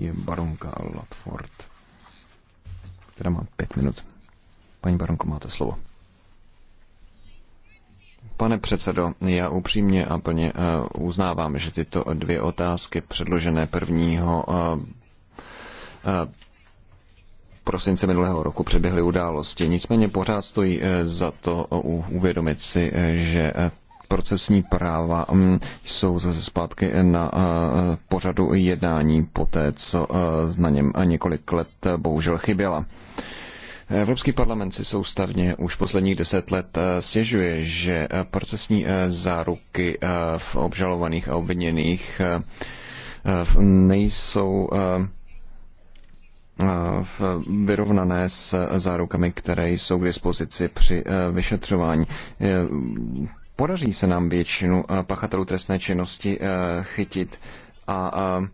je baronka Latford, která má pět minut. Paní baronko, máte slovo. Pane předsedo, já upřímně a plně eh, uznávám, že tyto dvě otázky předložené prvního eh, eh, prosince minulého roku přeběhly události. Nicméně pořád stojí za to uvědomit si, že procesní práva mm, jsou zase zpátky na eh, pořadu jednání po té, co eh, na něm několik let bohužel chyběla. Evropský parlament si soustavně už posledních deset let eh, stěžuje, že procesní záruky v obžalovaných a obviněných nejsou vyrovnané s zárukami, které jsou k dispozici při vyšetřování podaří se nám většinu eh, pachatelů trestné činnosti eh, chytit a eh,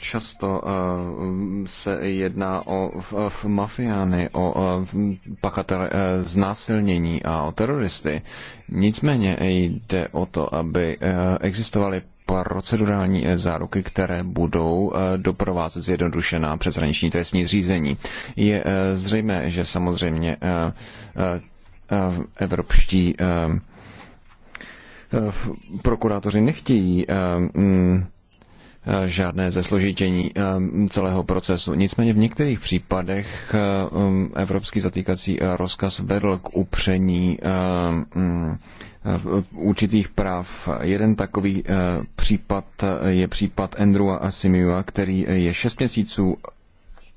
Často se jedná o mafiány, o pachatele znásilnění a o teroristy. Nicméně jde o to, aby existovaly procedurální záruky, které budou doprovázet zjednodušená přeshraniční trestní řízení. Je zřejmé, že samozřejmě evropští Eh, prokurátoři nechtějí eh, mm, eh, žádné zesložitění celého procesu. Nicméně v některých případech mm, evropský zatýkací rozkaz vedl k upření mm, určitých práv. Jeden takový případ je případ Andrewa Asimua, který je 6 měsíců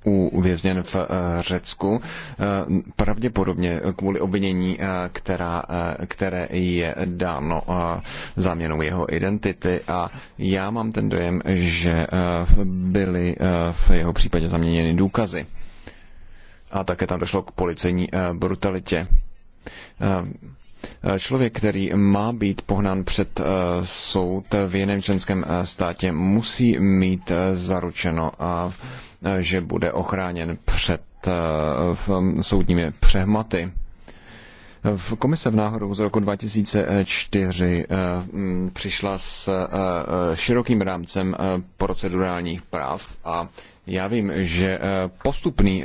uvězněn v eh, Řecku, eh, pravděpodobně kvůli obvinění, eh, která, které je dáno záměnou jeho identity a já mám ten dojem, že byly v jeho případě zaměněny důkazy. A také tam došlo k policejní brutalitě. Člověk, který má být pohnán před soud v jiném členském státě, musí mít zaručeno že bude ochráněn před eh, soudními přehmaty. V komise v náhodou z roku 2004 eh, přišla s eh, širokým rámcem procedurálních práv a já vím, že postupný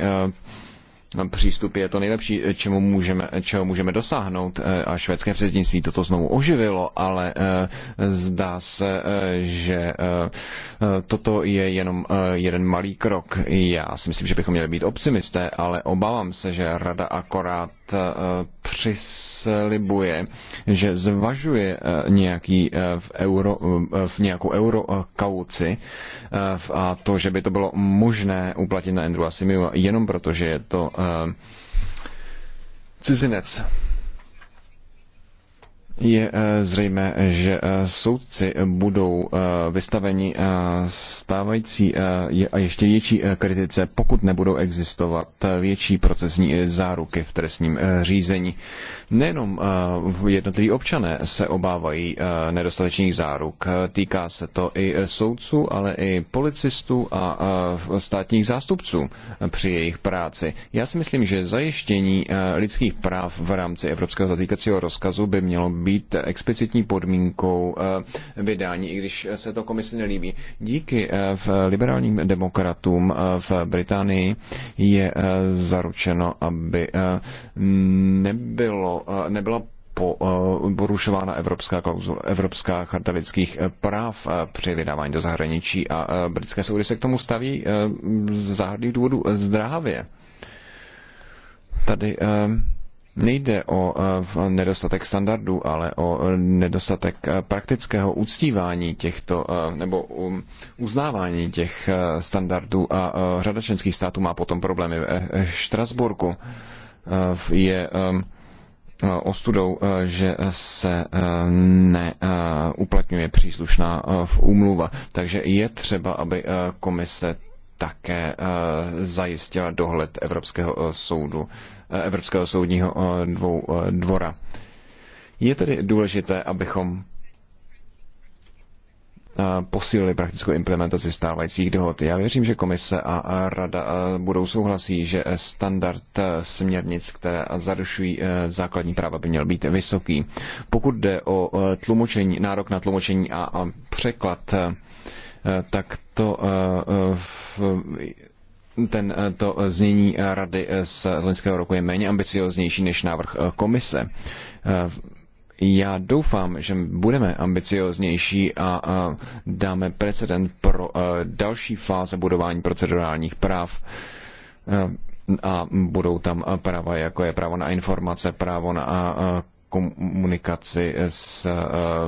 přístup je to nejlepší, čemu můžeme, čeho můžeme dosáhnout. Eh, a švédské předsednictví toto znovu oživilo, ale eh, zdá se, eh, že toto je jenom jeden malý krok. Já si myslím, že bychom měli být optimisté, ale obávám se, že rada akorát Eh, přislibuje, že zvažuje eh, nějaký eh, v euro, v nějakou eurokauci a to, že by to bylo možné uplatit na Andrew Asimiu jenom proto, že je to cizinec je eh, zřejmé, že eh, soudci budou eh, vystaveni stávající a ještě větší kritice, pokud nebudou existovat větší procesní záruky v trestním řízení. Nejenom jednotliví občané se obávají nedostatečných záruk, týká se to i soudců, ale i policistů a státních zástupců při jejich práci. Já si myslím, že zajištění lidských práv v rámci Evropského zatýkacího rozkazu by mělo být explicitní podmínkou eh, vydání, i když se to komisi nelíbí. Díky eh, v liberálním demokratům eh, v Británii je zaručeno, aby nebylo, nebyla porušována evropská, klauzula, evropská charta lidských práv při vydávání do zahraničí a britské soudy se k tomu staví z záhadných důvodů zdrávě. Tady Nejde o eh, nedostatek standardů, ale o eh, nedostatek eh, praktického uctívání těchto, nebo um, uznávání těch standardů a řada členských států má potom problémy. Ve Štrasburku je ehm, ostudou, že se neuplatňuje příslušná v úmluva. Takže je třeba, aby komise také eh, zajistila dohled Evropského eh, soudu, eh, Evropského soudního dvou, dvora. Je tedy důležité, abychom posílili praktickou implementaci stávajících dohod. Já věřím, že komise a rada budou souhlasí, že standard směrnic, které zarušují základní práva, by měl být vysoký. Pokud jde o tlumočení, nárok na tlumočení a překlad, Eh, tak to eh, ten, eh, to znění rady z, loňského roku je méně ambicioznější než návrh komise. Já doufám, že budeme ambicioznější a, dáme precedent pro další fáze budování procedurálních práv. a budou tam práva, jako je právo na informace, právo na komunikaci s eh,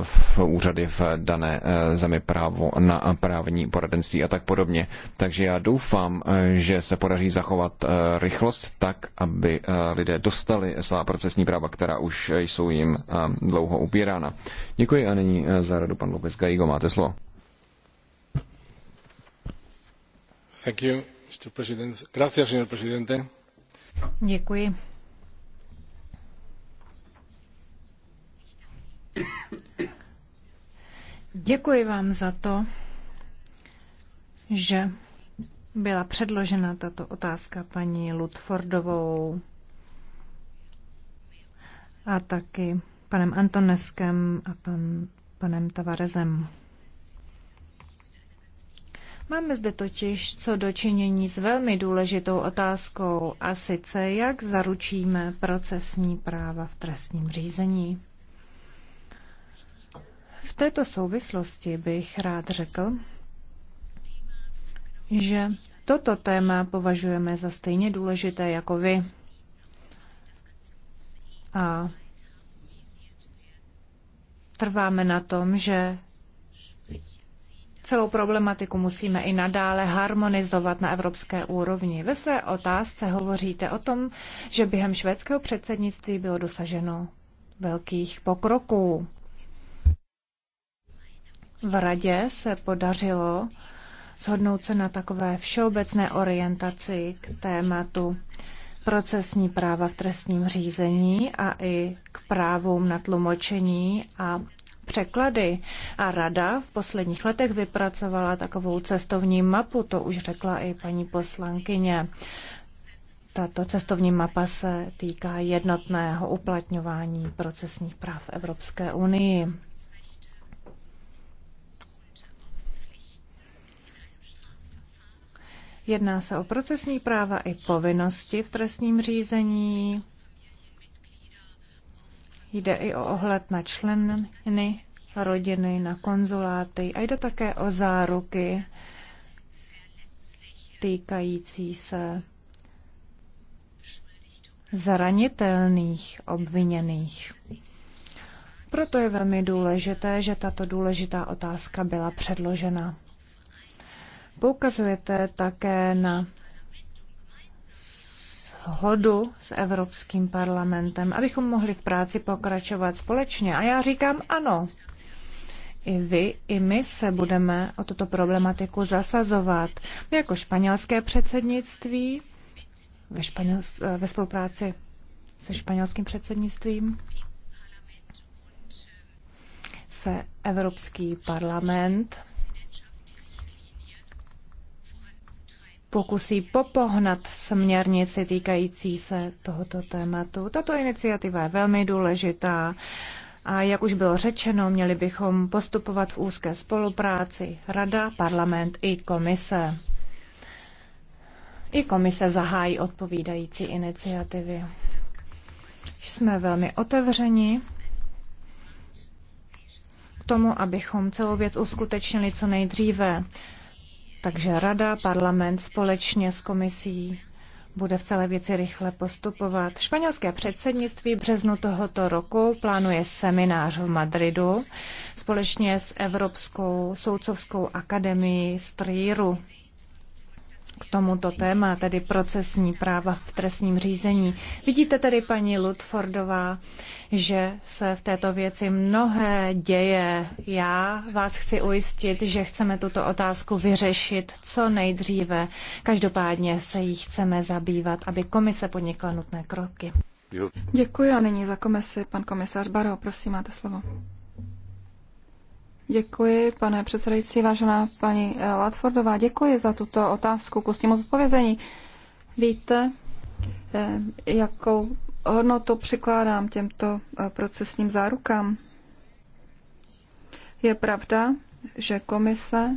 v úřady v dané eh, zemi právo na právní poradenství a tak podobně. Takže já doufám, eh, že se podaří zachovat rychlost tak, aby lidé dostali svá procesní práva, která už jsou jim dlouho upírána. Děkuji a nyní za radu pan López Gajigo, máte slovo. Thank you, Mr. President. Gracias, señor presidente. Děkuji, Děkuji vám za to, že byla předložena tato otázka paní Ludfordovou a taky panem Antoneskem a pan, panem Tavarezem. Máme zde totiž co dočinění s velmi důležitou otázkou, a sice jak zaručíme procesní práva v trestním řízení. V této souvislosti bych rád řekl, že toto téma považujeme za stejně důležité jako vy. A trváme na tom, že Celou problematiku musíme i nadále harmonizovat na evropské úrovni. Ve své otázce hovoříte o tom, že během švédského předsednictví bylo dosaženo velkých pokroků v radě se podařilo shodnout se na takové všeobecné orientaci k tématu procesní práva v trestním řízení a i k právům na tlumočení a překlady. A rada v posledních letech vypracovala takovou cestovní mapu, to už řekla i paní poslankyně. Tato cestovní mapa se týká jednotného uplatňování procesních práv Evropské unii. Jedná se o procesní práva i povinnosti v trestním řízení. Jde i o ohled na členy rodiny, na konzuláty a jde také o záruky týkající se zranitelných obviněných. Proto je velmi důležité, že tato důležitá otázka byla předložena. Poukazujete také na hodu s Evropským parlamentem, abychom mohli v práci pokračovat společně. A já říkám ano. I vy, i my se budeme o tuto problematiku zasazovat. My jako španělské předsednictví ve, španěl, ve spolupráci se španělským předsednictvím se Evropský parlament pokusí popohnat směrnici týkající se tohoto tématu. Tato iniciativa je velmi důležitá a jak už bylo řečeno, měli bychom postupovat v úzké spolupráci Rada, parlament i komise. I komise zahájí odpovídající iniciativy. Jsme velmi otevřeni k tomu, abychom celou věc uskutečnili co nejdříve. Takže Rada, parlament společně s komisí bude v celé věci rychle postupovat. Španělské předsednictví březnu tohoto roku plánuje seminář v Madridu společně s Evropskou soudcovskou akademií Strýru k tomuto téma, tedy procesní práva v trestním řízení. Vidíte tedy, paní Ludfordová, že se v této věci mnohé děje. Já vás chci ujistit, že chceme tuto otázku vyřešit co nejdříve. Každopádně se jí chceme zabývat, aby komise podnikla nutné kroky. Děkuji a nyní za komisi pan komisař Baro, prosím, máte slovo. Děkuji, pane předsedající, vážená paní eh, Latfordová. Děkuji za tuto otázku Pustím ústnímu zodpovězení. Víte, eh, jakou hodnotu přikládám těmto eh, procesním zárukám? Je pravda, že komise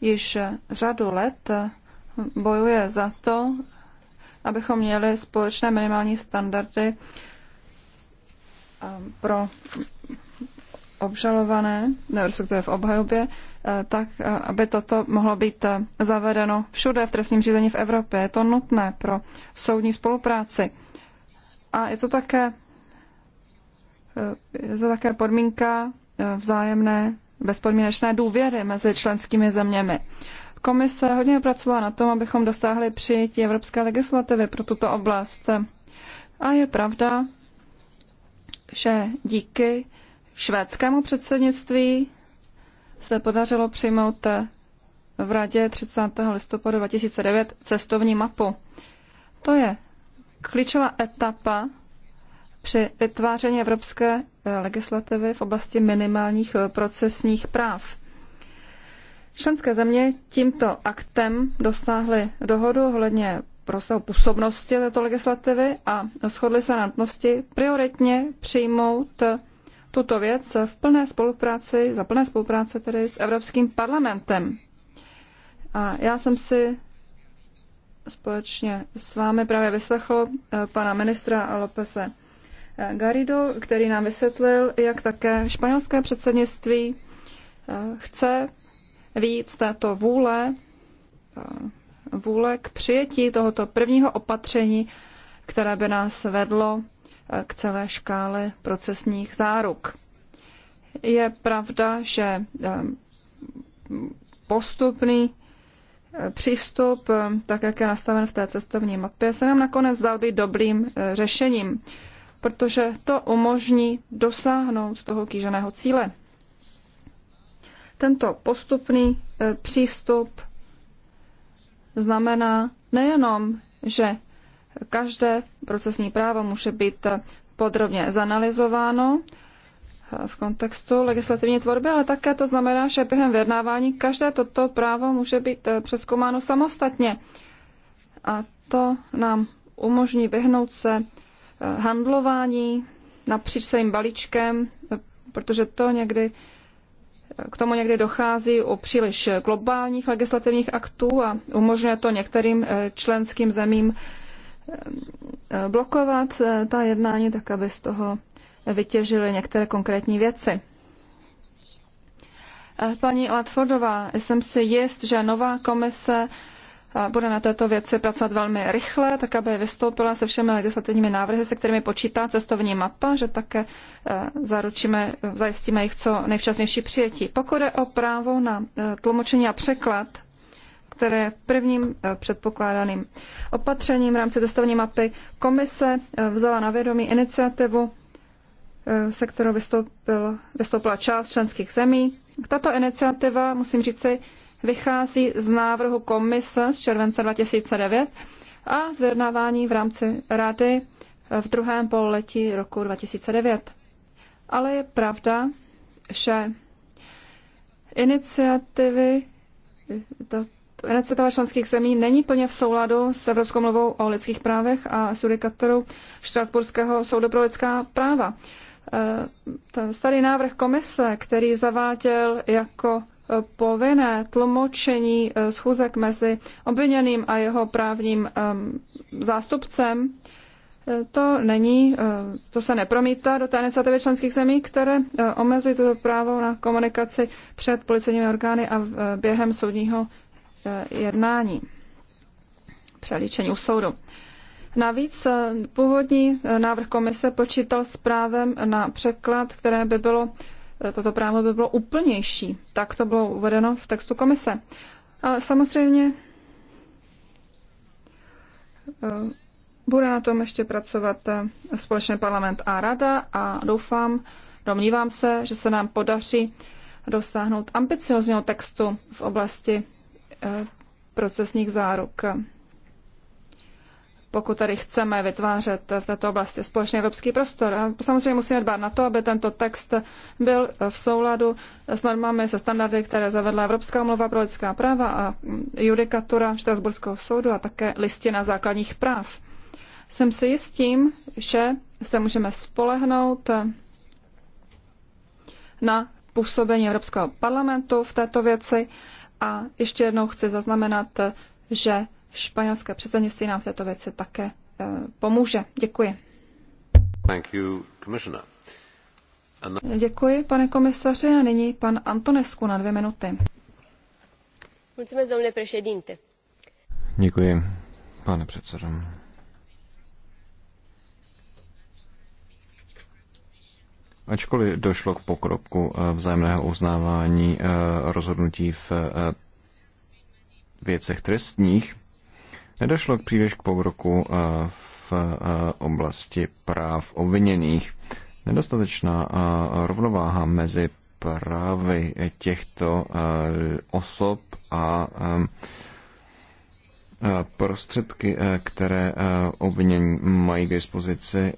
již řadu let bojuje za to, abychom měli společné minimální standardy pro obžalované, ne, respektive v obhajobě, eh, tak eh, aby toto mohlo být eh, zavedeno všude v trestním řízení v Evropě. Je to nutné pro soudní spolupráci. A je to také, je to také podmínka vzájemné bezpodmínečné důvěry mezi členskými zeměmi. Komise hodně pracovala na tom, abychom dosáhli přijetí evropské legislativy pro tuto oblast. A je pravda, že díky švédskému předsednictví se podařilo přijmout v Radě 30. listopadu 2009 cestovní mapu. To je klíčová etapa při vytváření evropské eh, legislativy v oblasti minimálních eh, procesních práv. Členské země tímto aktem dosáhly dohodu ohledně rozsahu působnosti této legislativy a shodly se na nutnosti prioritně přijmout tuto věc v plné spolupráci, za plné spolupráce tedy s Evropským parlamentem. A já jsem si společně s vámi právě vyslechl eh, pana ministra Lopese eh, Garrido, který nám vysvětlil, jak také španělské předsednictví eh, chce víc této vůle, vůle k přijetí tohoto prvního opatření, které by nás vedlo k celé škále procesních záruk. Je pravda, že ehm, postupný eh, přístup, ehm, tak jak je nastaven v té cestovní mapě, se nám nakonec dal být dobrým eh, řešením, protože to umožní dosáhnout toho kýženého cíle. Tento postupný eh, přístup znamená nejenom, že Každé procesní právo může být podrobně zanalizováno v kontextu legislativní tvorby, ale také to znamená, že během vyjednávání každé toto právo může být eh, přeskoumáno samostatně. A to nám umožní vyhnout se eh, handlování napříč celým balíčkem, protože to někdy eh, k tomu někdy dochází u příliš globálních legislativních aktů a umožňuje to některým členským zemím Eh, blokovat eh, ta jednání, tak aby z toho vytěžili některé konkrétní věci. Eh, paní Latfordová, jsem si jist, že nová komise bude na této věci pracovat velmi rychle, tak aby vystoupila se všemi legislativními návrhy, se kterými počítá cestovní mapa, že také zaručíme, zajistíme jejich co nejvčasnější přijetí. Pokud je o právo na tlumočení a překlad, které je prvním eh, předpokládaným opatřením v rámci cestovní mapy. Komise eh, vzala na vědomí iniciativu, eh, se kterou vystoupil, vystoupila část členských zemí. Tato iniciativa, musím říci, vychází z návrhu komise z července 2009 a z vyjednávání v rámci rady v druhém pololetí roku 2009. Ale je pravda, že iniciativy, to, iniciativa členských zemí není plně v souladu s Evropskou mluvou o lidských právech a s judikatorou Štrasburského soudu pro lidská práva. E, ten starý návrh komise, který zaváděl jako e, povinné tlumočení e, schůzek mezi obviněným a jeho právním zástupcem, to není, to se nepromítá do té iniciativy členských zemí, které omezují toto právo na komunikaci před policejními orgány a během soudního Eh, jednání přelíčení u soudu. Navíc eh, původní eh, návrh komise počítal s právem na překlad, které by bylo, toto právo by bylo úplnější. Tak to bylo uvedeno v textu komise. Ale samozřejmě bude na tom ještě pracovat společně parlament a rada a doufám, domnívám se, že se nám podaří dosáhnout ambiciozního textu v oblasti procesních záruk. Pokud tady chceme vytvářet v této oblasti společný evropský prostor, samozřejmě musíme dbát na to, aby tento text byl v souladu s normami, se standardy, které zavedla Evropská umluva pro lidská práva a judikatura Štrasburského soudu a také listina základních práv. Jsem si jistím, že se můžeme spolehnout na působení Evropského parlamentu v této věci a ještě jednou chci zaznamenat, že španělské předsednictví nám v této věci také eh, pomůže. Děkuji. Thank you, Děkuji, pane komisaři. A nyní pan Antonescu na dvě minuty. Děkuji, pane předsedo. Ačkoliv došlo k pokroku eh, vzájemného uznávání eh, rozhodnutí v eh, věcech trestních, nedošlo k příliš k pokroku v oblasti práv obviněných. Nedostatečná rovnováha mezi právy těchto osob a prostředky, které obvinění mají k dispozici,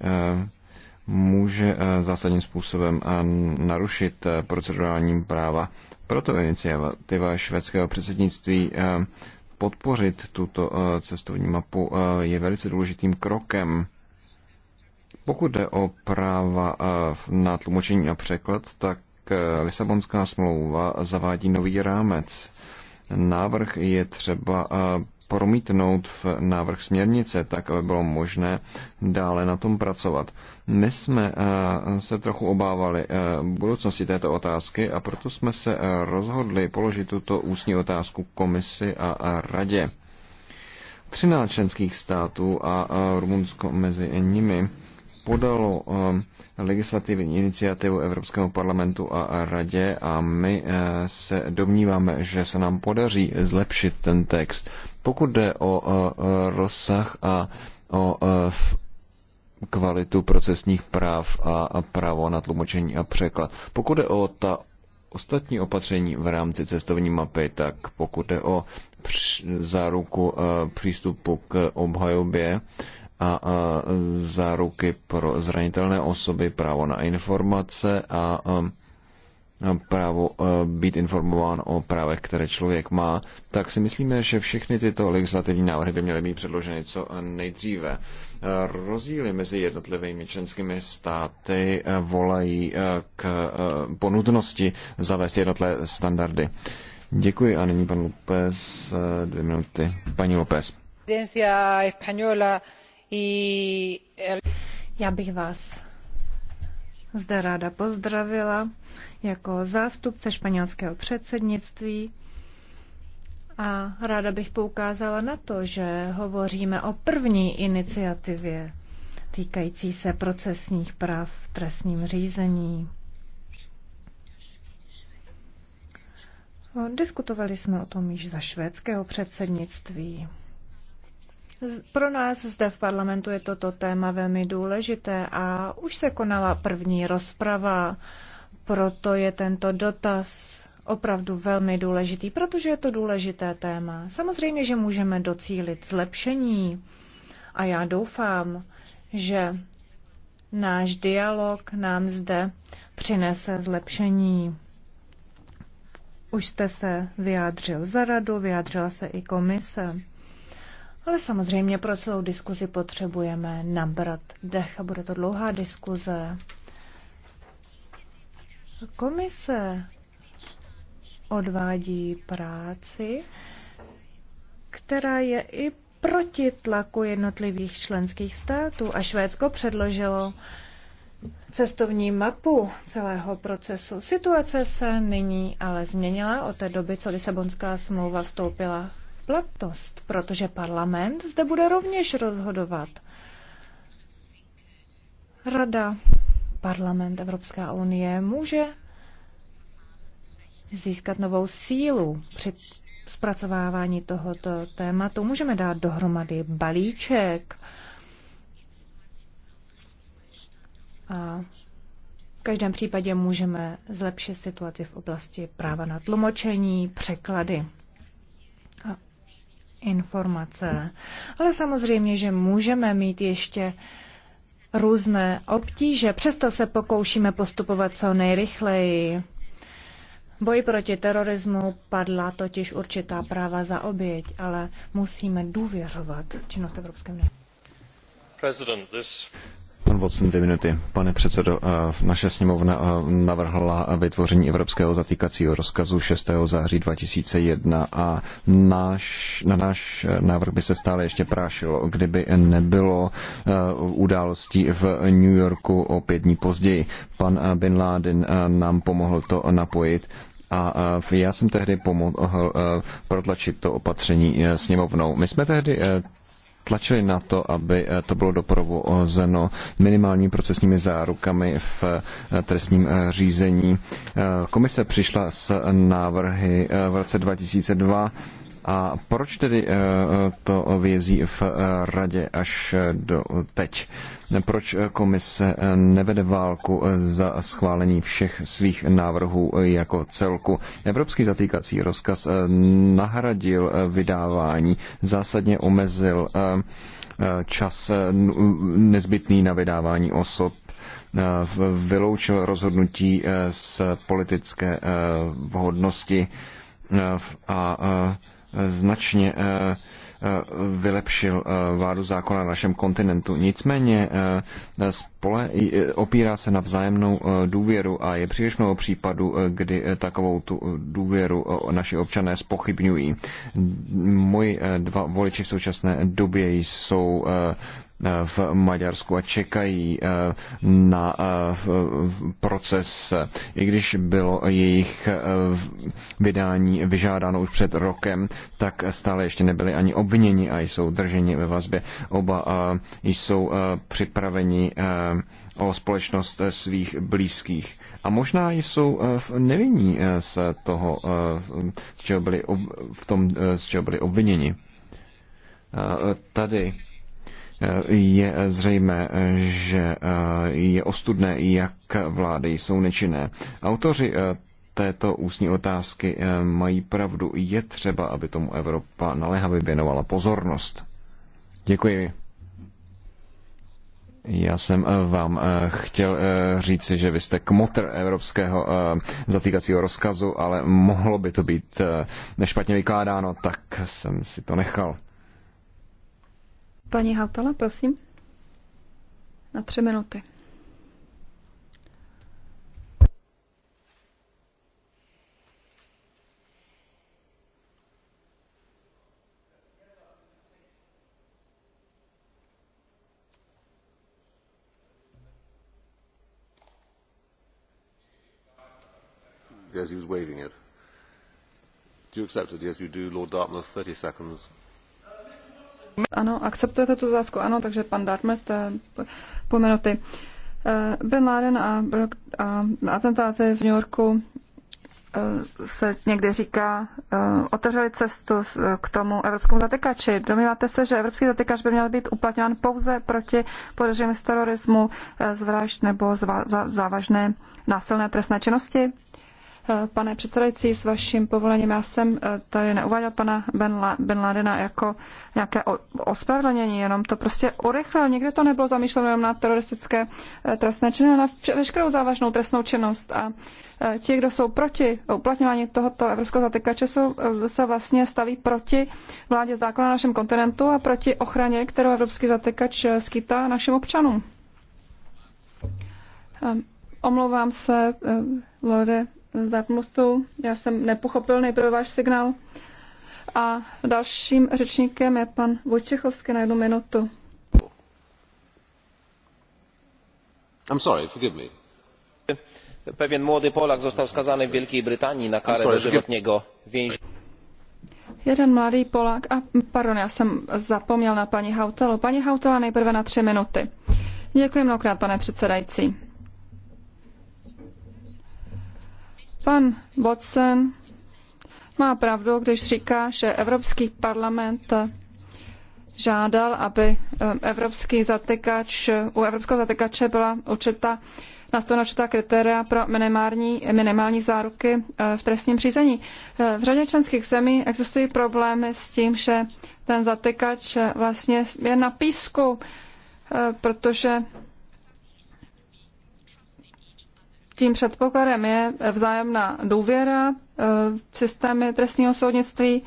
může eh, zásadním způsobem eh, narušit eh, procedurální práva. Proto iniciativa švédského předsednictví podpořit tuto cestovní mapu je velice důležitým krokem. Pokud jde o práva na tlumočení a překlad, tak Lisabonská smlouva zavádí nový rámec. Návrh je třeba promítnout v návrh směrnice, tak aby bylo možné dále na tom pracovat. My jsme eh, se trochu obávali eh, budoucnosti této otázky a proto jsme se eh, rozhodli položit tuto ústní otázku komisi a radě. 13 členských států a Rumunsko mezi nimi podalo legislativní iniciativu Evropského parlamentu a radě a my se domníváme, že se nám podaří zlepšit ten text. Pokud jde o rozsah a o kvalitu procesních práv a právo na tlumočení a překlad, pokud jde o ta ostatní opatření v rámci cestovní mapy, tak pokud jde o záruku e, přístupu k obhajobě a záruky pro zranitelné osoby, právo na informace a e, právo eh, být informován o právech, které člověk má, tak si myslíme, že všechny tyto legislativní návrhy by měly být předloženy co nejdříve. Eh, rozdíly mezi jednotlivými členskými státy eh, volají k ponutnosti zavést jednotlivé standardy. Děkuji a nyní pan López, dvě minuty. Paní López. Já bych vás zde ráda pozdravila jako zástupce španělského předsednictví. A ráda bych poukázala na to, že hovoříme o první iniciativě týkající se procesních práv v trestním řízení. Diskutovali jsme o tom již za švédského předsednictví. Pro nás zde v parlamentu je toto téma velmi důležité a už se konala první rozprava, proto je tento dotaz opravdu velmi důležitý, protože je to důležité téma. Samozřejmě, že můžeme docílit zlepšení a já doufám, že náš dialog nám zde přinese zlepšení. Už jste se vyjádřil za radu, vyjádřila se i komise. Ale samozřejmě pro celou diskuzi potřebujeme nabrat dech a bude to dlouhá diskuze. Komise odvádí práci, která je i proti tlaku jednotlivých členských států a Švédsko předložilo cestovní mapu celého procesu. Situace se nyní ale změnila od té doby, co Lisabonská smlouva vstoupila platnost, protože parlament zde bude rovněž rozhodovat. Rada, parlament Evropská unie může získat novou sílu při zpracovávání tohoto tématu. Můžeme dát dohromady balíček a v každém případě můžeme zlepšit situaci v oblasti práva na tlumočení, překlady informace. Ale samozřejmě, že můžeme mít ještě různé obtíže, přesto se pokoušíme postupovat co nejrychleji. Boj proti terorismu padla totiž určitá práva za oběť, ale musíme důvěřovat činnost Evropské unie. Pan Watson, dvě minuty. Pane předsedo, eh, naše sněmovna eh, navrhla vytvoření evropského zatýkacího rozkazu 6. září 2001 a náš, na náš eh, návrh by se stále ještě prášilo, kdyby nebylo událostí v New Yorku o pět dní později. Pan Bin Laden nám pomohl to napojit a já jsem tehdy pomohl protlačit to opatření sněmovnou. My jsme tehdy tlačili na to, aby eh, to bylo doprovozeno minimálními procesními zárukami v eh, trestním eh, řízení. Komise přišla s návrhy v roce 2002 a proč tedy eh, to vězí v eh, radě až eh, do teď? Proč komise nevede válku za schválení všech svých návrhů jako celku? Evropský zatýkací rozkaz nahradil vydávání, zásadně omezil čas nezbytný na vydávání osob vyloučil rozhodnutí z politické vhodnosti a značně eh, eh, vylepšil eh, vládu zákona na našem kontinentu. Nicméně spole opírá se na vzájemnou důvěru a je příliš mnoho případů, kdy takovou tu důvěru naši občané spochybňují. Moji dva voliči v současné době jsou v Maďarsku a čekají eh, na eh, proces, i když bylo jejich eh, vydání vyžádáno už před rokem, tak stále ještě nebyli ani obviněni a jsou drženi ve vazbě. Oba jsou připraveni o společnost svých blízkých. A možná jsou nevinní z toho, z čeho byli, ob, v tom, z čeho byli obviněni. Tady je zřejmé, že e, je ostudné, jak vlády jsou nečinné. Autoři e, této ústní otázky e, mají pravdu. Je třeba, aby tomu Evropa naléhavě věnovala pozornost. Děkuji. Já jsem vám chtěl říci, že vy jste kmotr evropského zatýkacího rozkazu, ale mohlo by to být nešpatně vykládáno, tak jsem si to nechal. Paní Hautala, prosím, na tři minuty. Yes, he was waving it. Do you accept it? Yes, you do. Lord Dartmouth, 30 seconds. Ano, akceptujete tu zásku? Ano, takže pan Dartmouth, eh, půl minuty. Eh, Bin Laden a, a atentáty v New Yorku eh, se někdy říká, otevřeli cestu k tomu evropskému zatykači. Domníváte se, že evropský zatykač by měl být uplatňován pouze proti podezření z terorismu, z nebo závažné násilné trestné činnosti? Eh, pane předsedající, s vaším povolením, já jsem eh, tady neuváděl pana Ben Ladena jako nějaké ospravedlnění, jenom to prostě urychlil. Nikdy to nebylo zamýšleno jenom na teroristické eh, trestné činy, na veškerou závažnou trestnou činnost. A ti, kdo jsou proti uplatňování tohoto evropského zatykače, jsou, se vlastně staví proti vládě zákona na našem kontinentu a proti ochraně, kterou evropský zatykač skýtá našim občanům. Omlouvám se, Lode z Dartmouthu. Já jsem nepochopil nejprve váš signál. A dalším řečníkem je pan Vojčechovský na jednu minutu. I'm sorry, forgive me. Pewien młody Polak został skazany w Wielkiej Brytanii na karę dożywotniego więzienia. Jeden mladý Polák, a pardon, já jsem zapomněl na paní Hautelu. Paní Hautela nejprve na tři minuty. Děkuji mnohokrát, pane předsedající. Pan Watson má pravdu, když říká, že Evropský parlament žádal, aby eh, evropský zatykač, u evropského zatykače byla určitá nastavena určitá kritéria pro minimální, minimální záruky eh, v trestním řízení. Eh, v řadě členských zemí existují problémy s tím, že ten zatykač vlastně je na písku, protože Tím předpokladem je vzájemná důvěra e, v systémy trestního soudnictví,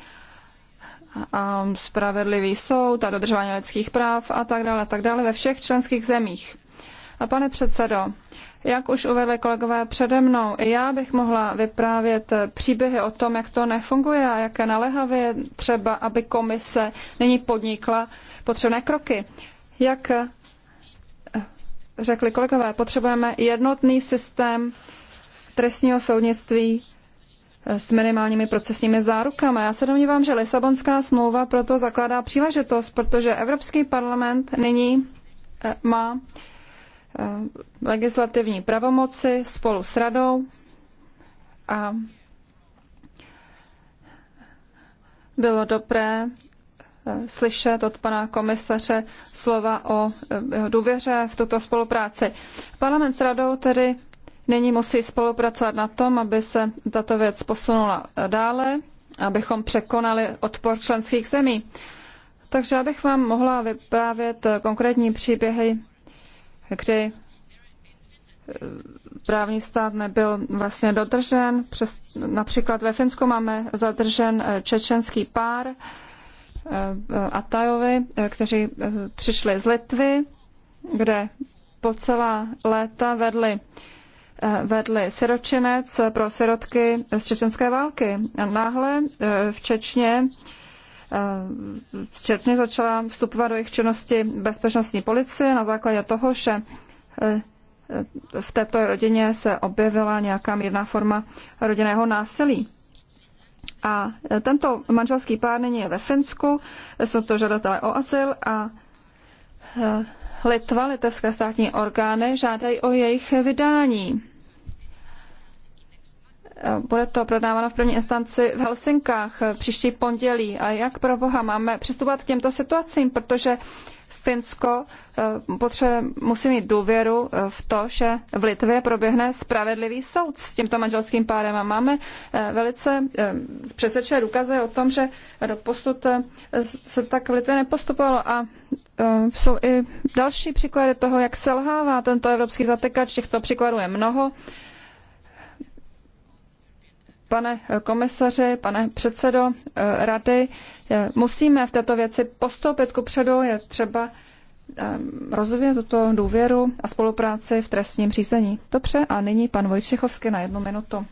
a spravedlivý soud a dodržování lidských práv a tak dále, a tak dále ve všech členských zemích. A pane předsedo, jak už uvedli kolegové přede mnou, i já bych mohla vyprávět příběhy o tom, jak to nefunguje a jaké naléhavě třeba, aby komise nyní podnikla potřebné kroky. Jak řekli kolegové, potřebujeme jednotný systém trestního soudnictví eh, s minimálními procesními zárukami. Já se domnívám, že Lisabonská smlouva proto zakládá příležitost, protože Evropský parlament nyní eh, má eh, legislativní pravomoci spolu s radou a bylo dobré slyšet od pana komisaře slova o eh, jeho důvěře v tuto spolupráci. Parlament s radou tedy nyní musí spolupracovat na tom, aby se tato věc posunula dále, abychom překonali odpor členských zemí. Takže abych vám mohla vyprávět konkrétní příběhy, kdy eh, právní stát nebyl vlastně dodržen. Přes, například ve Finsku máme zadržen eh, čečenský pár, Eh, Atajovi, eh, kteří eh, přišli z Litvy, kde po celá léta vedli vedli siročinec pro sirotky z čečenské války. A náhle v Čečně v Čečně začala vstupovat do jejich činnosti bezpečnostní policie na základě toho, že v této rodině se objevila nějaká mírná forma rodinného násilí. A e, tento manželský pár nyní je ve Finsku, jsou to žadatelé o azyl a e, Litva, litevské státní orgány žádají o jejich vydání. E, bude to prodáváno v první instanci v Helsinkách příští pondělí. A jak pro boha máme přistupovat k těmto situacím, protože Finsko eh, potřebuje, musí mít důvěru eh, v to, že v Litvě proběhne spravedlivý soud s tímto manželským párem. A máme eh, velice přesvědčivé důkazy o tom, že do posud se tak v Litvě nepostupovalo. A jsou i další příklady toho, jak selhává tento evropský zatykač. Těchto příkladů je mnoho. Pane komisaři, pane předsedo eh, rady, eh, musíme v této věci postoupit kupředu. je třeba eh, rozvíjet tuto důvěru a spolupráci v trestním řízení. Dobře, a nyní pan Vojčichovský na jednu minutu.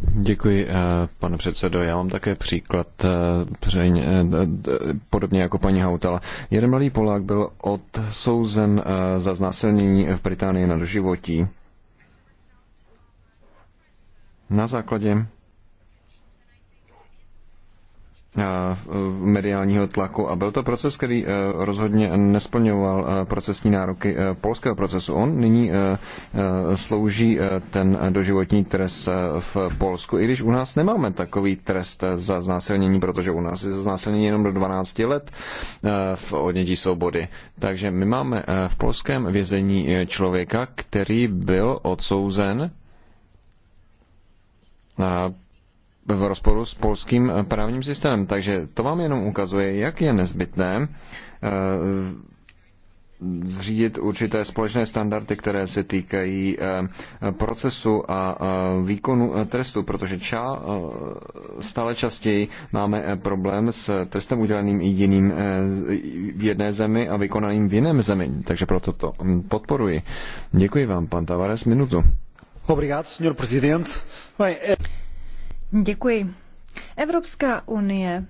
Děkuji, pane předsedo. Já mám také příklad, podobně jako paní Hautala. Jeden mladý Polák byl odsouzen za znásilnění v Británii na doživotí na základě eh, mediálního tlaku a byl to proces, který eh, rozhodně nesplňoval eh, procesní nároky polského procesu. On nyní slouží ten doživotní trest v Polsku, i když u nás nemáme takový trest za znásilnění, protože u nás je za znásilnění jenom do 12 let v odnětí svobody. Takže my máme v polském vězení člověka, který byl odsouzen Eh, v rozporu s polským právním systémem. Takže to vám jenom ukazuje, jak je nezbytné eh, zřídit určité společné standardy, které se týkají eh, procesu a výkonu trestu, protože ča, stále častěji máme problém s trestem uděleným jiným v jedné zemi a vykonaným v jiném zemi. Takže proto to hm, podporuji. Děkuji vám, pan Tavares, minutu. Děkuji. Evropská unie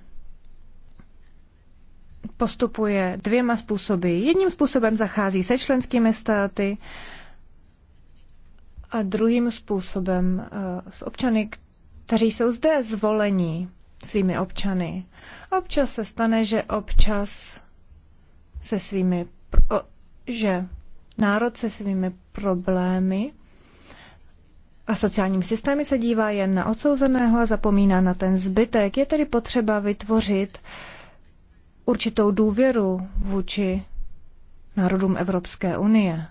postupuje dvěma způsoby. Jedním způsobem zachází se členskými státy a druhým způsobem eh, s občany, kteří jsou zde zvolení svými občany. Občas se stane, že občas se svými, že národ se svými problémy a sociálními systémy se dívá jen na odsouzeného a zapomíná na ten zbytek. Je tedy potřeba vytvořit určitou důvěru vůči národům Evropské unie.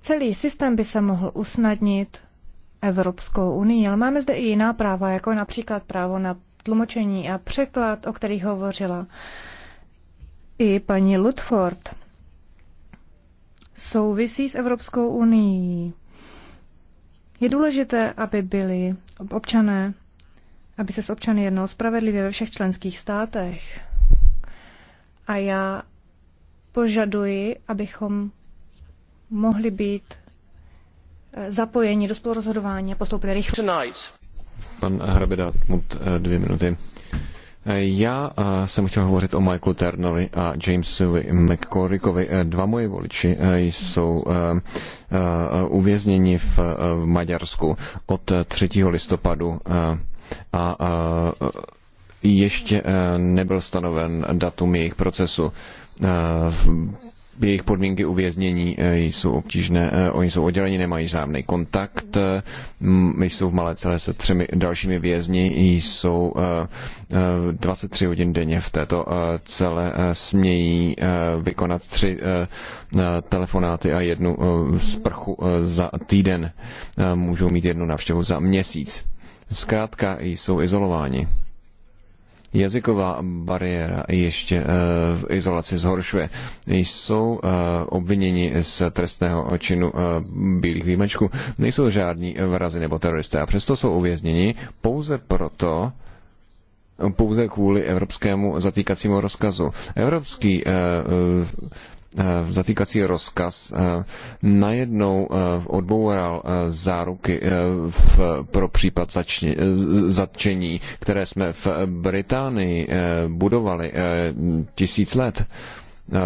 Celý systém by se mohl usnadnit Evropskou unii, ale máme zde i jiná práva, jako například právo na tlumočení a překlad, o kterých hovořila i paní Ludford souvisí s Evropskou unii. Je důležité, aby byli občané, aby se s občany jednou spravedlivě ve všech členských státech. A já požaduji, abychom mohli být eh, zapojeni do spolurozhodování a postoupili rychle. Pan Hrabeda, eh, dvě minuty. Já eh, jsem chtěl hovořit o Michaelu Turnerovi a Jamesovi McCorrickovi. Eh, dva moje voliči eh, jsou uvězněni v Maďarsku od 3. listopadu a ještě nebyl stanoven datum jejich procesu jejich podmínky uvěznění eh, jsou obtížné, eh, oni jsou odděleni, nemají žádný kontakt, eh, my jsou v malé celé se třemi dalšími vězni, jsou 23 hodin denně v této celé, smějí vykonat tři telefonáty a jednu sprchu za týden, můžou mít jednu návštěvu za měsíc. Zkrátka jsou izolováni jazyková bariéra ještě eh, v izolaci zhoršuje. Jsou eh, obviněni z trestného činu eh, bílých výjimečků, nejsou žádní vrazy nebo teroristé a přesto jsou uvězněni pouze proto, pouze kvůli evropskému zatýkacímu rozkazu. Evropský Eh, zatýkací rozkaz eh, najednou eh, odboural záruky v, pro případ zatčení, které jsme v Británii budovali tisíc let. Eh,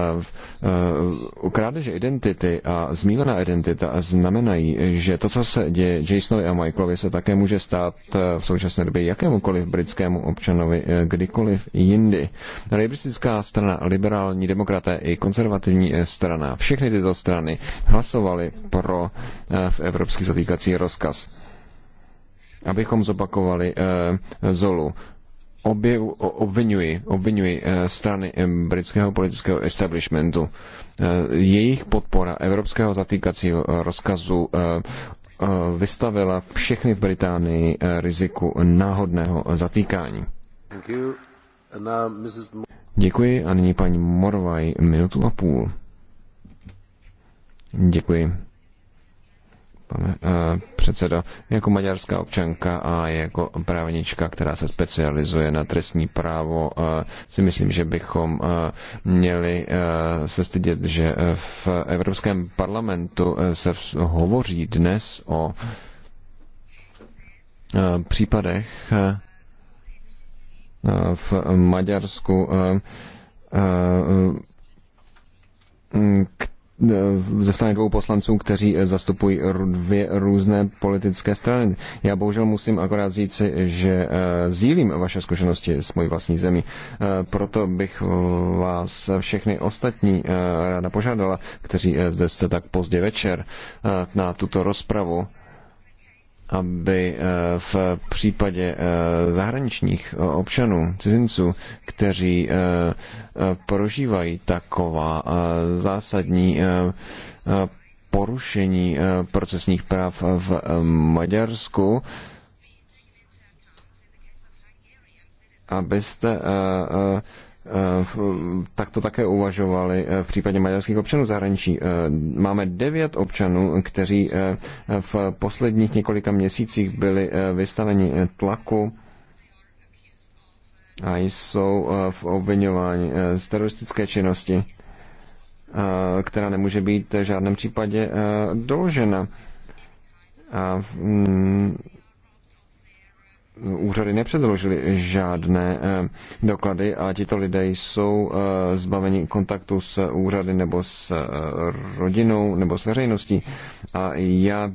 eh, krádeže identity a zmílená identita znamenají, že to, co se děje Jasonovi a Michaelovi, se také může stát eh, v současné době jakémukoliv britskému občanovi kdykoliv jindy. Liberistická strana, liberální demokraté i konzervativní strana, všechny tyto strany hlasovaly pro v evropský zatýkací rozkaz abychom zopakovali Zolu obě, obvinuji, obvinuji eh, strany eh, britského politického establishmentu. Eh, jejich podpora evropského zatýkacího rozkazu vystavila všechny v Británii riziku náhodného zatýkání. Děkuji a nyní paní Morvaj minutu a půl. Děkuji pane eh, předsedo. Jako maďarská občanka a jako právnička, která se specializuje na trestní právo, eh, si myslím, že bychom eh, měli se stydět, že v Evropském parlamentu se hovoří dnes o případech v Maďarsku, Eh, ze strany dvou poslanců, kteří eh, zastupují dvě různé politické strany. Já bohužel musím akorát říci, že eh, sdílím vaše zkušenosti s mojí vlastní zemí. Proto bych vás všechny ostatní ráda požádala, kteří zde jste tak pozdě večer na tuto rozpravu, aby eh, v případě eh, zahraničních eh, občanů, cizinců, kteří prožívají taková zásadní porušení procesních práv v Maďarsku, abyste uh, uh, Eh, tak to také uvažovali eh, v případě maďarských občanů zahraničí. Eh, máme devět občanů, kteří v posledních několika měsících byli vystaveni tlaku a jsou v obvinování z teroristické činnosti, která nemůže být v žádném případě doložena. A mm, úřady nepředložily žádné eh, doklady a tito lidé jsou eh, zbaveni kontaktu s úřady nebo s eh, rodinou nebo s veřejností. A já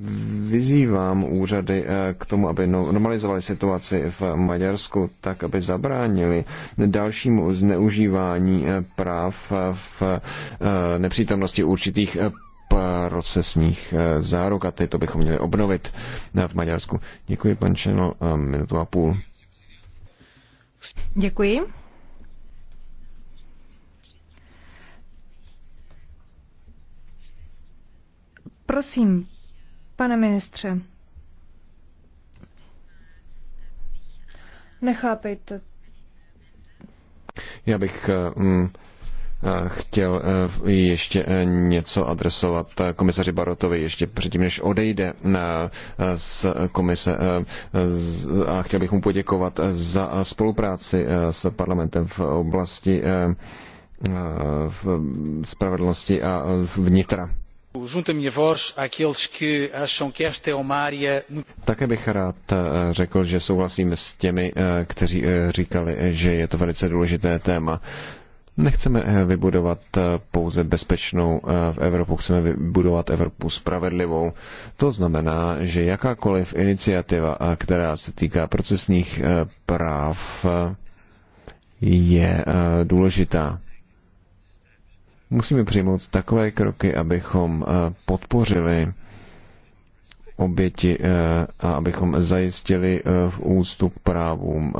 vyzývám úřady k tomu, aby no-, normalizovali situaci v Maďarsku tak, aby zabránili dalšímu zneužívání práv v nepřítomnosti určitých procesních eh, záruk a ty to bychom měli obnovit v Maďarsku. Děkuji, pan Čeno, eh, minutu a půl. Děkuji. Prosím, pane ministře, nechápejte. Já bych eh, mm, Eh, chtěl eh, ještě eh, něco adresovat komisaři Barotovi ještě předtím, než odejde z komise a chtěl bych mu poděkovat za spolupráci s parlamentem v oblasti v spravedlnosti a vnitra. Také bych rád řekl, že souhlasím s těmi, kteří říkali, že je to velice důležité téma. Nechceme eh, vybudovat eh, pouze bezpečnou eh, v Evropu, chceme vybudovat Evropu spravedlivou. To znamená, že jakákoliv iniciativa, která se týká procesních práv, je důležitá. Musíme přijmout takové kroky, abychom podpořili oběti eh, a abychom zajistili eh, v ústup právům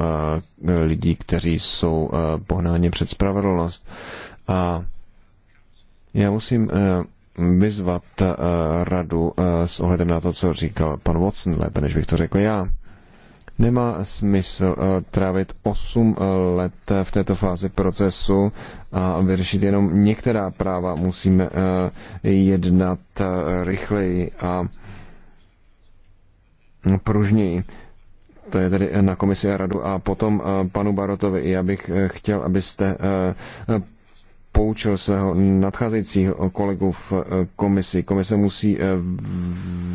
eh, lidí, kteří jsou pohnáni před spravedlnost. A já musím vyzvat radu s ohledem na to, co říkal pan Watson, lépe než bych to řekl já. Nemá smysl trávit 8 let v této fázi procesu a vyřešit jenom některá práva. Musíme jednat rychleji a pružněji. To je tedy na komisi a radu. A potom eh, panu Barotovi, já bych eh, chtěl, abyste eh, poučil svého nadcházejícího kolegu v komisi. Komise musí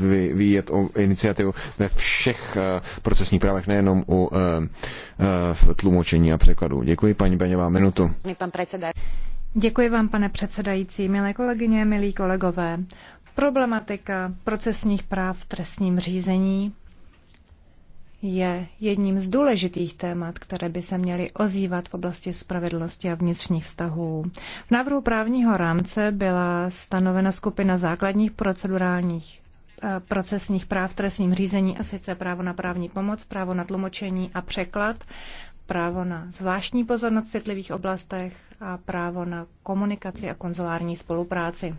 vyvíjet o iniciativu ve všech procesních právech, nejenom u tlumočení a překladu. Děkuji, paní Beněvá, minutu. Děkuji vám, pane předsedající, milé kolegyně, milí kolegové. Problematika procesních práv v trestním řízení je jedním z důležitých témat, které by se měly ozývat v oblasti spravedlnosti a vnitřních vztahů. V návrhu právního rámce byla stanovena skupina základních procedurálních eh, procesních práv trestním řízení a sice právo na právní pomoc, právo na tlumočení a překlad, právo na zvláštní pozornost v citlivých oblastech a právo na komunikaci a konzulární spolupráci.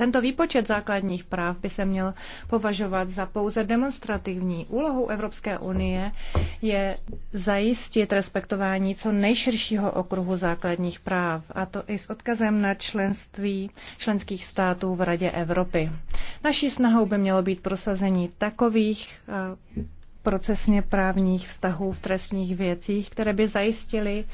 Tento výpočet základních práv by se měl považovat za pouze demonstrativní. Úlohou Evropské unie je zajistit respektování co nejširšího okruhu základních práv, a to i s odkazem na členství členských států v Radě Evropy. Naší snahou by mělo být prosazení takových eh, procesně právních vztahů v trestních věcích, které by zajistily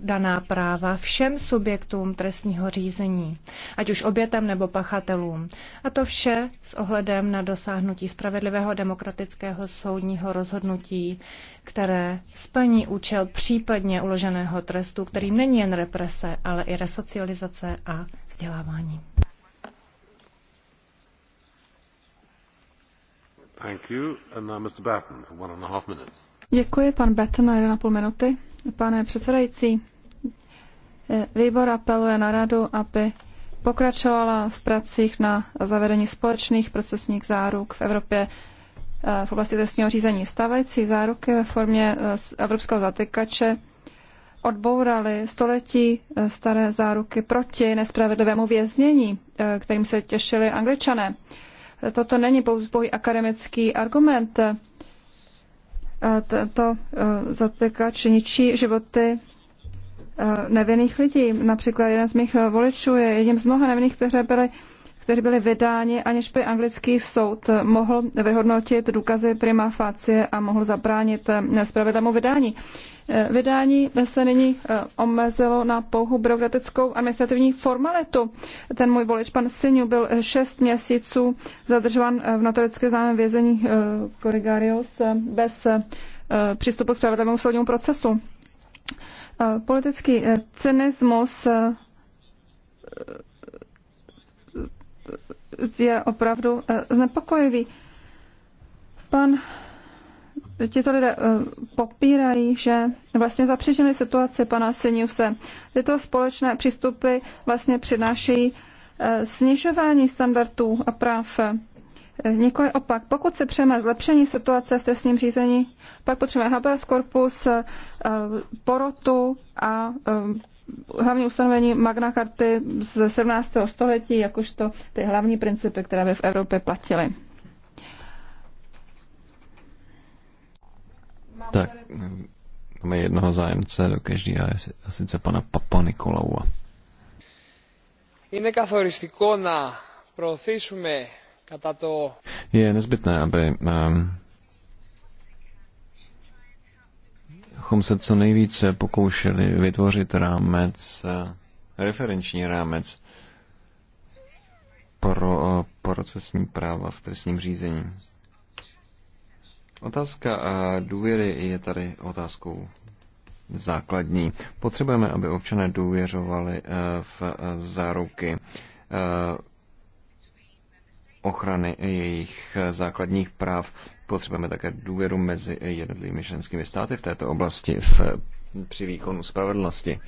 daná práva všem subjektům trestního řízení, ať už obětem nebo pachatelům. A to vše s ohledem na dosáhnutí spravedlivého demokratického soudního rozhodnutí, které splní účel případně uloženého trestu, který není jen represe, ale i resocializace a vzdělávání. Thank you. Batten for a pan minuty. Pane předsedající, eh, výbor apeluje na radu, aby pokračovala v pracích na zavedení společných procesních záruk v Evropě eh, v oblasti trestního řízení. Stávající záruky ve formě eh, evropského zatykače odbouraly století staré záruky proti nespravedlivému věznění, kterým se těšili angličané. Toto není pouze akademický argument. To e, zatykač ničí životy e, nevinných lidí. Například jeden z mých voličů je jedním z mnoha nevinných, kteří byli kteří byli vydáni, aniž by anglický soud mohl vyhodnotit důkazy prima facie a mohl zabránit nespravedlému vydání. Vydání se nyní eh, omezilo na pouhou byrokratickou administrativní formalitu. Ten můj volič, pan Sinu, byl eh, šest měsíců zadržován eh, v notoricky známém vězení Corrigarios bez přístupu k spravedlivému soudnímu procesu. Politický cynismus je opravdu eh, znepokojivý. Pan Tito lidé eh, popírají, že vlastně zapříčinili situaci pana Siniuse. Tyto společné přístupy vlastně přinášejí eh, snižování standardů a práv. Nikoli opak. Pokud si přejeme zlepšení situace v trestním řízení, pak potřebujeme habeas corpus, porotu a hlavní ustanovení Magna Carty ze 17. století, jakožto ty hlavní principy, které by v Evropě platily. Tak, máme jednoho zájemce do každý a sice pana Papa Nikolaua. Je nezbytné, aby um, bychom se co nejvíce pokoušeli vytvořit rámec, eh, referenční rámec pro eh, procesní práva v trestním řízení. Otázka eh, důvěry je tady otázkou základní. Potřebujeme, aby občané důvěřovali v záruky ochrany jejich základních práv Potřebujeme také důvěru mezi jednotlivými členskými státy v této oblasti v, při výkonu spravedlnosti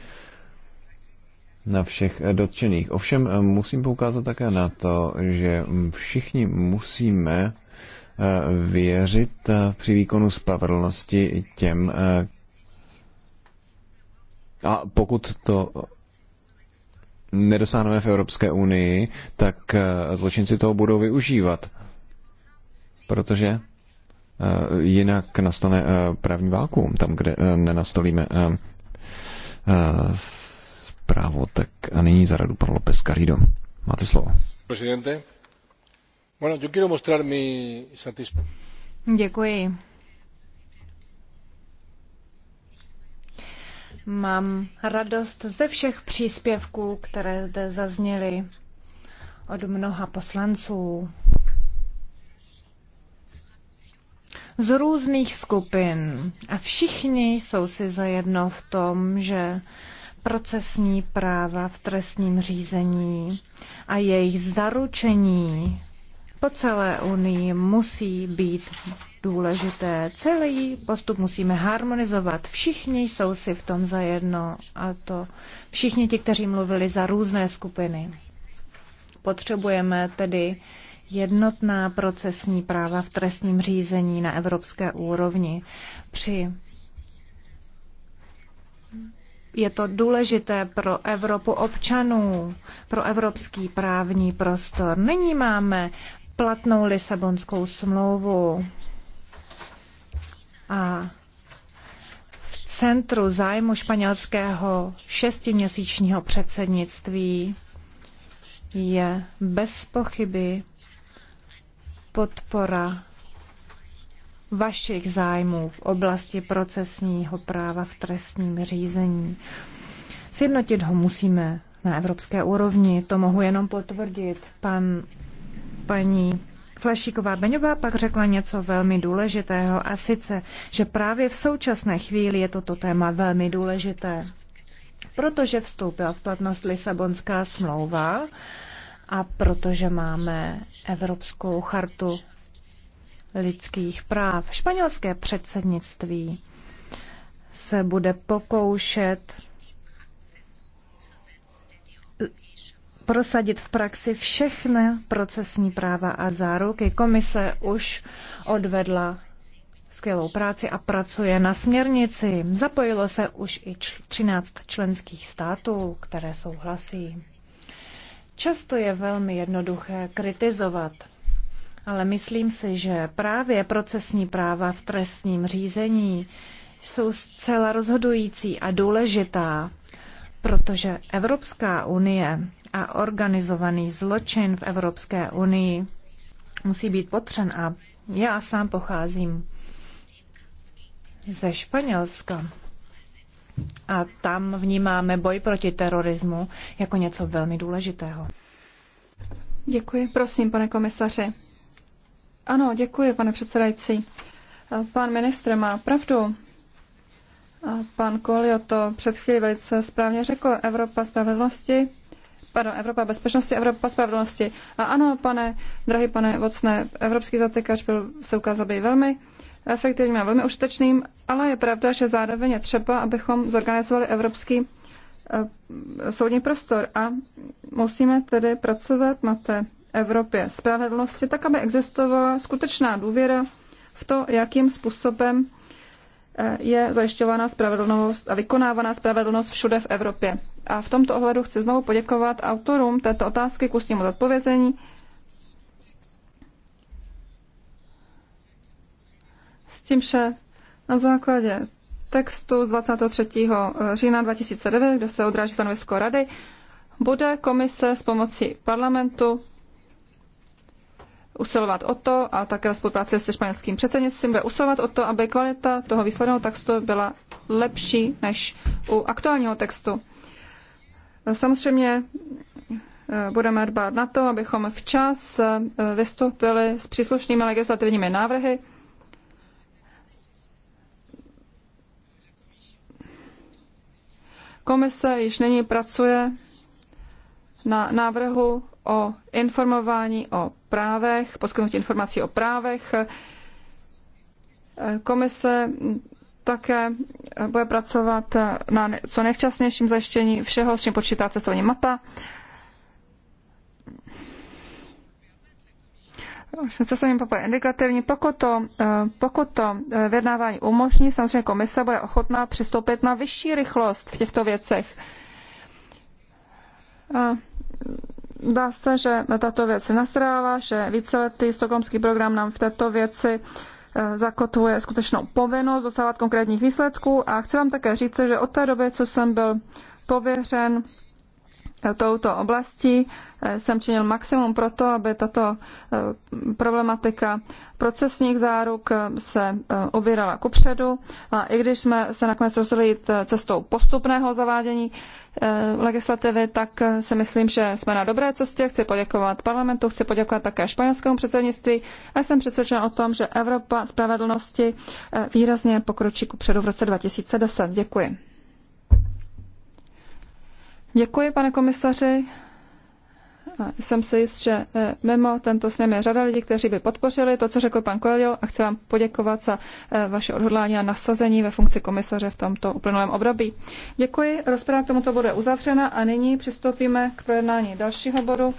na všech dotčených. Ovšem musím poukázat také na to, že všichni musíme eh, věřit eh, při výkonu spravedlnosti těm, eh, a pokud to nedosáhneme v Evropské unii, tak zločinci toho budou využívat. Protože Eh, jinak nastane eh, právní válku, tam, kde eh, nenastolíme právo. Tak a nyní za radu pan López Garrido. Máte slovo. Presidente. Bueno, yo quiero mostrar mi Děkuji. Mám radost ze všech příspěvků, které zde zazněly od mnoha poslanců. z různých skupin a všichni jsou si zajedno v tom, že procesní práva v trestním řízení a jejich zaručení po celé Unii musí být důležité. Celý postup musíme harmonizovat. Všichni jsou si v tom zajedno a to všichni ti, kteří mluvili za různé skupiny. Potřebujeme tedy jednotná procesní práva v trestním řízení na evropské úrovni. Při je to důležité pro Evropu občanů, pro evropský právní prostor. Nyní máme platnou Lisabonskou smlouvu a v centru zájmu španělského šestiměsíčního předsednictví je bez pochyby podpora vašich zájmů v oblasti procesního práva v trestním řízení. Sjednotit ho musíme na evropské úrovni, to mohu jenom potvrdit. Pan, paní Flašíková Beňová pak řekla něco velmi důležitého a sice, že právě v současné chvíli je toto téma velmi důležité, protože vstoupila v platnost Lisabonská smlouva a protože máme Evropskou chartu lidských práv. Španělské předsednictví se bude pokoušet prosadit v praxi všechny procesní práva a záruky. Komise už odvedla skvělou práci a pracuje na směrnici. Zapojilo se už i 13 členských států, které souhlasí. Často je velmi jednoduché kritizovat, ale myslím si, že právě procesní práva v trestním řízení jsou zcela rozhodující a důležitá, protože Evropská unie a organizovaný zločin v Evropské unii musí být potřen a já sám pocházím ze Španělska. A tam vnímáme boj proti terorismu jako něco velmi důležitého. Děkuji, prosím, pane komisaři. Ano, děkuji, pane předsedající. Pan ministr má pravdu. pan Kolio to před chvílí velice správně řekl. Evropa spravedlnosti pardon, Evropa bezpečnosti, Evropa spravedlnosti. A ano, pane, drahý pane Vocné, evropský zatykač byl, se ukázal být velmi efektivním a velmi užitečným, ale je pravda, že zároveň je třeba, abychom zorganizovali evropský eh, soudní prostor a musíme tedy pracovat na té Evropě spravedlnosti, tak aby existovala skutečná důvěra v to, jakým způsobem eh, je zajišťována spravedlnost a vykonávaná spravedlnost všude v Evropě. A v tomto ohledu chci znovu poděkovat autorům této otázky k ústnímu zodpovězení. S tím, že na základě textu z 23. října 2009, kde se odráží stanovisko rady, bude komise s pomocí parlamentu usilovat o to, a také ve spolupráci se španělským předsednictvím, bude usilovat o to, aby kvalita toho výsledného textu byla lepší než u aktuálního textu. Samozřejmě eh, budeme dbát na to, abychom včas eh, vystoupili s příslušnými legislativními návrhy. Komise již nyní pracuje na návrhu o informování o právech, poskytnutí informací o právech. Eh, komise také bude pracovat na co nejvčasnějším zajištění všeho, s čím počítá cestovní mapa. Cestovní mapa je indikativní. Pokud to, pokud to vyjednávání umožní, samozřejmě komise bude ochotná přistoupit na vyšší rychlost v těchto věcech. A dá se, že tato věc nasrála, že víceletý stokholmský program nám v této věci Eh, zakotvuje skutečnou povinnost dostávat konkrétních výsledků a chci vám také říct, že od té doby, co jsem byl pověřen touto oblastí. Eh, jsem činil maximum pro to, aby tato eh, problematika procesních záruk eh, se ubírala kupředu. A i když jsme se nakonec rozhodli jít cestou postupného zavádění legislativy, tak si myslím, že jsme na dobré cestě. Chci poděkovat parlamentu, chci poděkovat také španělskému předsednictví a jsem přesvědčen o tom, že Evropa spravedlnosti výrazně pokročí kupředu v roce 2010. Děkuji. Děkuji, pane komisaři. Jsem si jist, že eh, mimo tento sněm je řada lidí, kteří by podpořili to, co řekl pan Koelio a chci vám poděkovat za eh, vaše odhodlání a nasazení ve funkci komisaře v tomto uplynulém období. Děkuji, rozpráva k tomuto bude uzavřena a nyní přistoupíme k projednání dalšího bodu,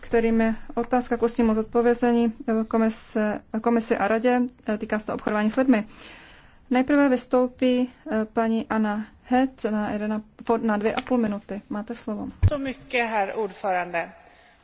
kterým je otázka k ústnímu zodpovězení komise, komisi a radě, eh, týká se to obchodování s lidmi. Nejprve vystoupí paní Anna Het na, jedna, na dvě a půl minuty. Máte slovo. Så mycket, herr ordförande.